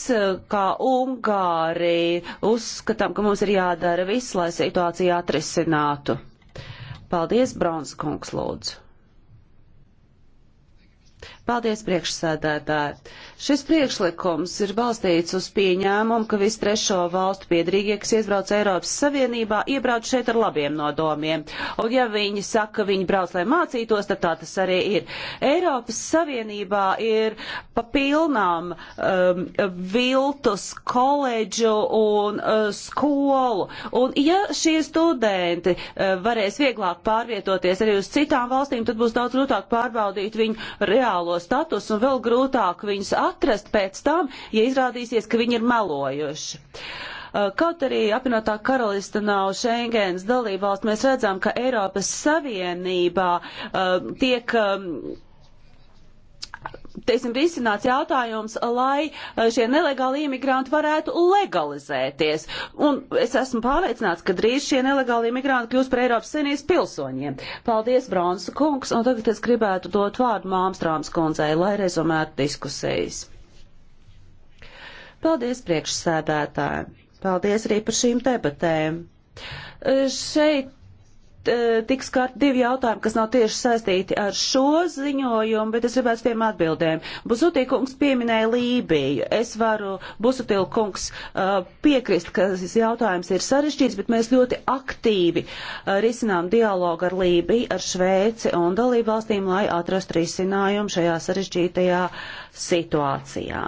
kā Ungāri, uzskatām, ka mums ir jādara viss, lai situāciju atrisinātu. Paldies, Brons kungs, lūdzu. Paldies, priekšsēdētāji. Šis priekšlikums ir balstīts uz pieņēmumu, ka visi trešo valstu piedrīgie, kas iebrauc Eiropas Savienībā, iebrauc šeit ar labiem nodomiem. Un ja viņi saka, ka viņi brauc, lai mācītos, tad tā tas arī ir. Eiropas Savienībā ir papilnām um, viltus koledžu un uh, skolu. Un ja šie studenti uh, varēs vieglāk pārvietoties arī uz citām valstīm, tad būs daudz grūtāk pārbaudīt viņu reālo statusu un vēl grūtāk viņus atrast atrast pēc tam, ja izrādīsies, ka viņi ir melojuši. Uh, kaut arī apvienotā karalista nav Schengens dalībvalsts, mēs redzam, ka Eiropas Savienībā uh, tiek. Um, teiksim, risināts jautājums, lai eh, šie nelegāli imigranti varētu legalizēties. Un es esmu pārliecināts, ka drīz šie nelegāli imigranti kļūs par Eiropas senīs pilsoņiem. Paldies, Brons kungs, un tagad es gribētu dot vārdu Māmstrāms kundzei, lai rezumētu diskusijas. Paldies priekšsēdētājiem. Paldies arī par šīm debatēm. Eh, šeit Eh, tiks kārt divi jautājumi, kas nav tieši saistīti ar šo ziņojumu, bet es gribētu tiem atbildēm. Busutī kungs pieminēja Lībiju. Es varu Busutil kungs eh, piekrist, ka šis jautājums ir sarežģīts, bet mēs ļoti aktīvi eh, risinām dialogu ar Lībiju, ar Šveici un dalību valstīm, lai atrastu risinājumu šajā sarežģītajā situācijā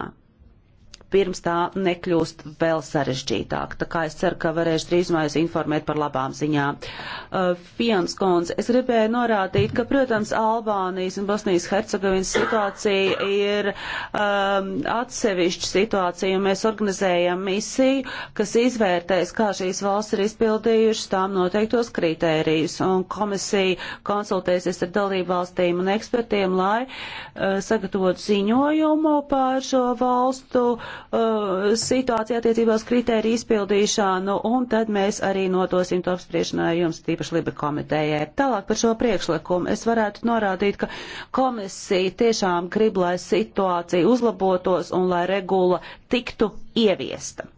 pirms tā nekļūst vēl sarežģītāk. Tā kā es ceru, ka varēšu drīzumā jūs informēt par labām ziņām. Uh, Fians Kons, es gribēju norādīt, ka, protams, Albānijas un Bosnijas Hercegovinas situācija ir um, atsevišķa situācija, un mēs organizējam misiju, kas izvērtēs, kā šīs valsts ir izpildījušas tām noteiktos kritērijus, un komisija konsultēsies ar dalību valstīm un ekspertiem, lai uh, sagatavotu ziņojumu par šo valstu uh, uh, situāciju attiecībā uz kritēriju izpildīšanu, un tad mēs arī nodosim to apspriešanai jums tīpaši Liba komitējai. Tālāk par šo priekšlikumu es varētu norādīt, ka komisija tiešām grib, lai situācija uzlabotos un lai regula tiktu ieviesta.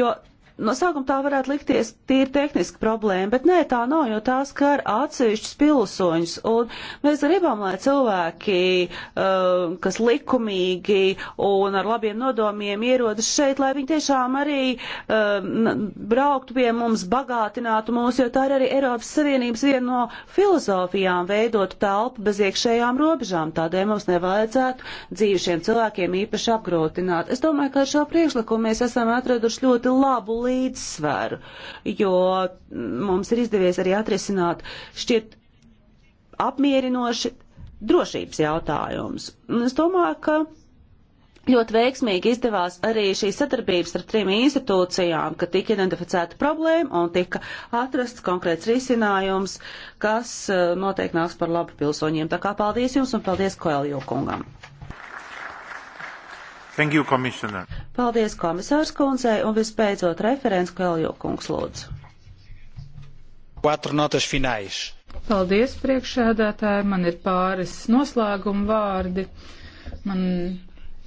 Jo No sākuma tā varētu likties tīri tehniska problēma, bet nē, tā nav, jo tā skar atsevišķus pilsoņus. Un mēs gribam, lai cilvēki, uh, kas likumīgi un ar labiem nodomiem ierodas šeit, lai viņi tiešām arī uh, brauktu pie mums, bagātinātu mūs, jo tā ir arī Eiropas Savienības viena no filozofijām veidot telpu bez iekšējām robežām. Tādēļ mums nevajadzētu dzīvi šiem cilvēkiem īpaši apgrūtināt. Es domāju, ka ar šo priekšlikumu mēs esam atraduši ļoti labu līdzsvaru, jo mums ir izdevies arī atrisināt šķiet apmierinoši drošības jautājums. Un es domāju, ka ļoti veiksmīgi izdevās arī šī sadarbības ar trim institūcijām, ka tika identificēta problēma un tika atrasts konkrēts risinājums, kas eh, noteikti nāks par labu pilsoņiem. Tā kā paldies jums un paldies Koeljo kungam. Thank you, komisār. Paldies komisārs kundzei un vispēcot referents Kaljo kungs lūdzu. Paldies priekšēdētāji, man ir pāris noslēguma vārdi. Man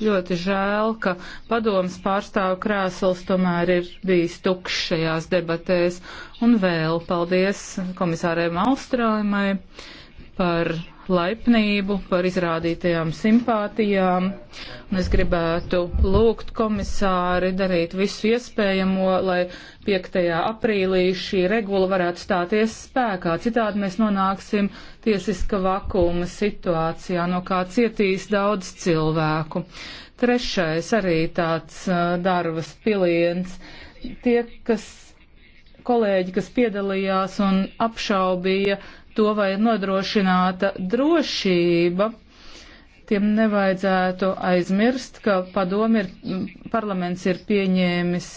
ļoti žēl, ka padomas pārstāvu krēsls tomēr ir bijis tukšs šajās debatēs. Un vēl paldies komisārēm Austrālimai par laipnību, par izrādītajām simpātijām. Un es gribētu lūgt komisāri darīt visu iespējamo, lai 5. aprīlī šī regula varētu stāties spēkā. Citādi mēs nonāksim tiesiska vakuma situācijā, no kā cietīs daudz cilvēku. Trešais arī tāds uh, darbas piliens. Tie, kas kolēģi, kas piedalījās un apšaubīja to, vai ir nodrošināta drošība. Tiem nevajadzētu aizmirst, ka padomi ir, parlaments ir pieņēmis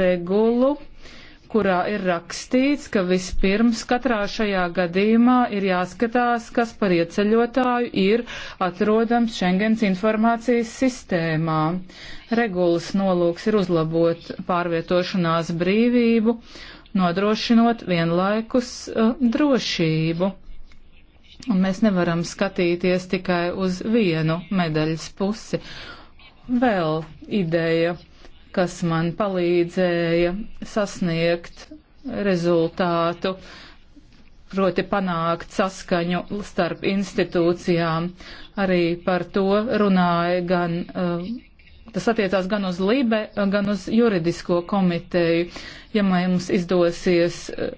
regulu, kurā ir rakstīts, ka vispirms katrā šajā gadījumā ir jāskatās, kas par ieceļotāju ir atrodams Schengens informācijas sistēmā. Regulas nolūks ir uzlabot pārvietošanās brīvību nodrošinot vienlaikus uh, drošību. Un mēs nevaram skatīties tikai uz vienu medaļas pusi. Vēl ideja, kas man palīdzēja sasniegt rezultātu, proti panākt saskaņu starp institūcijām. Arī par to runāja gan uh, Tas attiecās gan uz Libe, gan uz juridisko komiteju. Ja mums izdosies eh,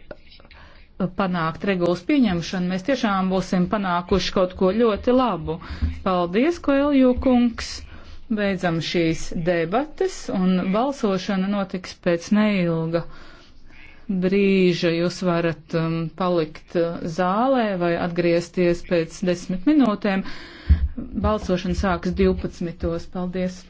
panākt regulas pieņemšanu, mēs tiešām būsim panākuši kaut ko ļoti labu. Paldies, Koelju kungs! Beidzam šīs debates un balsošana notiks pēc neilga brīža. Jūs varat um, palikt uh, zālē vai atgriezties pēc desmit minūtēm. Balsošana sākas 12. Paldies!